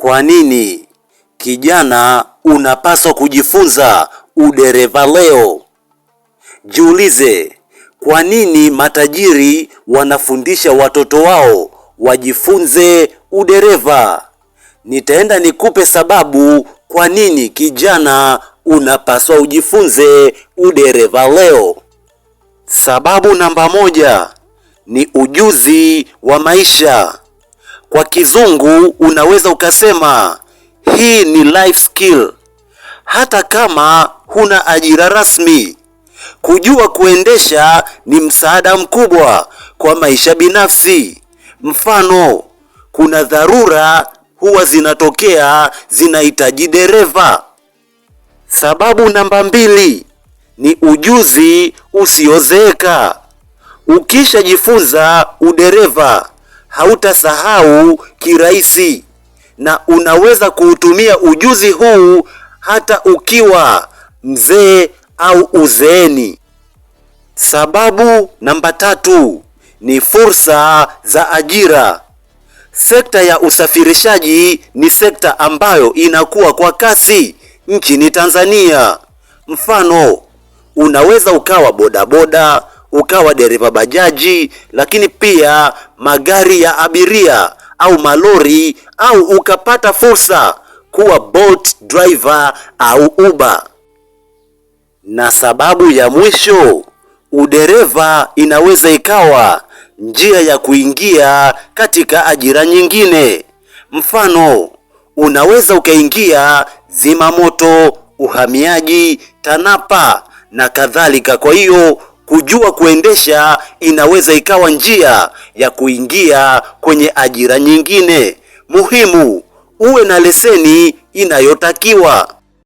Kwa nini kijana unapaswa kujifunza udereva leo? Jiulize, kwa nini matajiri wanafundisha watoto wao wajifunze udereva? Nitaenda nikupe sababu kwa nini kijana unapaswa ujifunze udereva leo. Sababu namba moja ni ujuzi wa maisha. Kwa kizungu unaweza ukasema hii ni life skill, hata kama huna ajira rasmi. Kujua kuendesha ni msaada mkubwa kwa maisha binafsi. Mfano, kuna dharura huwa zinatokea zinahitaji dereva. Sababu namba mbili ni ujuzi usiozeeka. Ukishajifunza udereva hautasahau kirahisi, na unaweza kuutumia ujuzi huu hata ukiwa mzee au uzeeni. Sababu namba tatu ni fursa za ajira. Sekta ya usafirishaji ni sekta ambayo inakuwa kwa kasi nchini Tanzania. Mfano, unaweza ukawa bodaboda, ukawa dereva bajaji, lakini pia magari ya abiria au malori, au ukapata fursa kuwa Bolt driver au Uber. Na sababu ya mwisho, udereva inaweza ikawa njia ya kuingia katika ajira nyingine. Mfano, unaweza ukaingia zimamoto, uhamiaji, TANAPA na kadhalika. Kwa hiyo kujua kuendesha inaweza ikawa njia ya kuingia kwenye ajira nyingine. Muhimu uwe na leseni inayotakiwa.